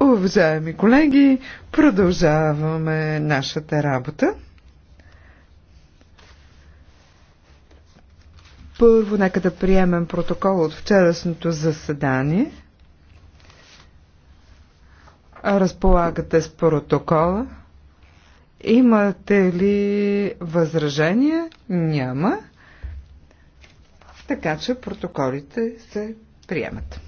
Уважаеми колеги, продължаваме нашата работа. Първо, нека да приемем протокол от вчерашното заседание. Разполагате с протокола. Имате ли възражения? Няма така че протоколите се приемат.